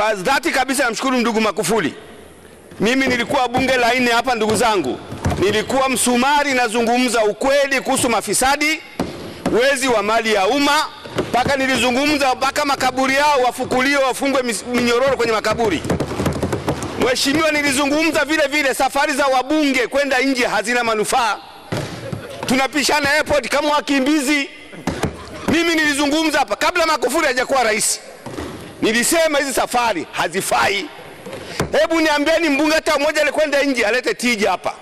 Kwa dhati kabisa namshukuru ndugu Magufuli. Mimi nilikuwa bunge la nne hapa, ndugu zangu, nilikuwa msumari, nazungumza ukweli kuhusu mafisadi, wezi wa mali ya umma, mpaka nilizungumza mpaka makaburi yao wafukuliwe, wafungwe minyororo kwenye makaburi. Mheshimiwa, nilizungumza vile vile safari za wabunge kwenda nje hazina manufaa, tunapishana airport kama wakimbizi. Mimi nilizungumza hapa kabla Magufuli hajakuwa rais Nilisema hizi safari hazifai. Hebu niambieni mbunge hata mmoja alikwenda nje alete tija hapa,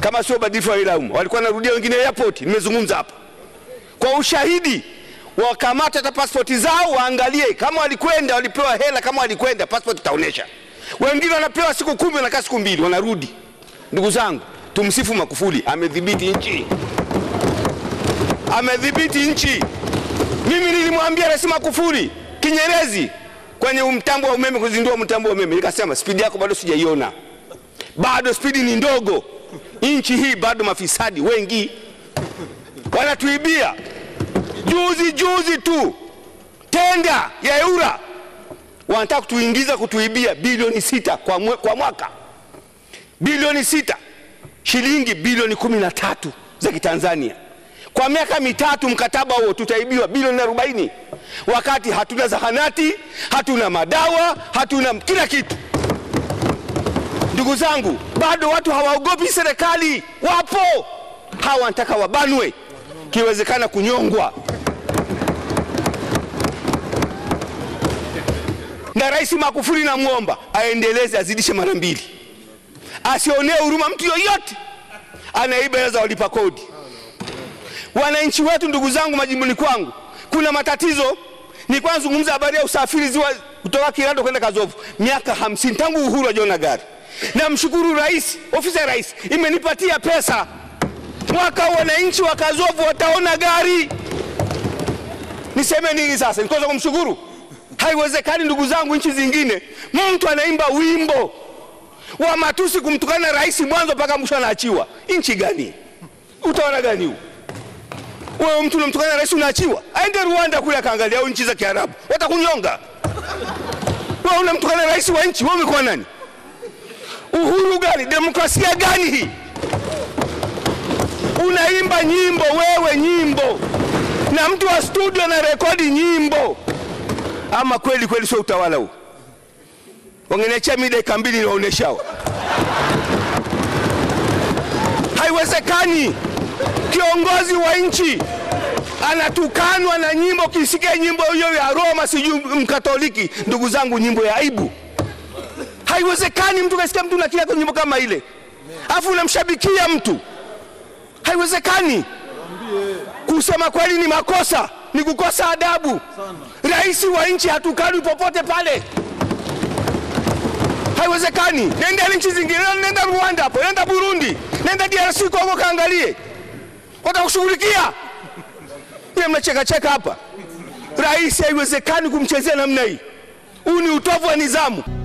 kama sio ubadilifu wa hela Walikuwa narudia wengine airport, nimezungumza hapa kwa ushahidi wakamata hata pasipoti zao waangalie, kama walikwenda walipewa hela, kama walikwenda pasipoti itaonyesha. Wengine wanapewa siku kumi, wanakaa siku mbili, wanarudi. Ndugu zangu, tumsifu Magufuli, amedhibiti nchi, amedhibiti nchi. Mimi nilimwambia Rais Magufuli Kinyerezi kwenye mtambo wa umeme, kuzindua mtambo wa umeme, nikasema spidi yako bado sijaiona, bado spidi ni ndogo. Nchi hii bado mafisadi wengi wanatuibia. Juzi juzi tu tenda ya EWURA wanataka kutuingiza kutuibia bilioni sita kwa, mwe, kwa mwaka bilioni sita shilingi bilioni kumi na tatu za Kitanzania. Kwa miaka mitatu mkataba huo tutaibiwa bilioni arobaini, wakati hatuna zahanati, hatuna madawa, hatuna kila kitu. Ndugu zangu, bado watu hawaogopi serikali, wapo hawa, wanataka wabanwe, kiwezekana kunyongwa. Na Rais Magufuli namwomba aendeleze, azidishe mara mbili, asionee huruma mtu yoyote anaiba za walipa kodi. Wananchi wetu, ndugu zangu, majimboni kwangu kuna matatizo. Nilikuwa nazungumza habari ya usafiri ziwa kutoka Kirando kwenda Kazovu, miaka hamsini tangu uhuru hajaona gari. Namshukuru rais, ofisi ya rais imenipatia pesa, mwaka wananchi wa Kazovu wataona gari. Niseme nini sasa? Nikoza kumshukuru? Haiwezekani ndugu zangu, nchi zingine mtu anaimba wimbo wa matusi kumtukana rais mwanzo mpaka mwisho anaachiwa. Nchi gani? Utaona gani huu? wewe mtu unamtukana rais unaachiwa, aende Rwanda kule akaangalia, au nchi za Kiarabu watakunyonga. Wewe unamtukana rais wa nchi, wewe umekuwa nani? Uhuru gani? Demokrasia gani hii? Unaimba nyimbo wewe, nyimbo na mtu wa studio na rekodi nyimbo. Ama kweli kweli, sio utawala huu. Wangeniachia mi dakika mbili niwaonesha haiwezekani. Kiongozi wa nchi anatukanwa na nyimbo, kisikia nyimbo hiyo ya Roma sijui Mkatoliki. Ndugu zangu, nyimbo ya aibu. Haiwezekani mtu kasikia mtu kwa nyimbo kama ile, afu unamshabikia mtu, haiwezekani. Kusema kweli ni makosa, ni kukosa adabu. Rais wa nchi hatukanwi popote pale, haiwezekani. Nenda nchi zingine, nenda Rwanda hapo, nenda Burundi, nenda DRC Kongo, kaangalie watakushughulikia. Nyie mnachekacheka hapa, rais haiwezekani kumchezea namna hii. Huu ni utovu wa nidhamu.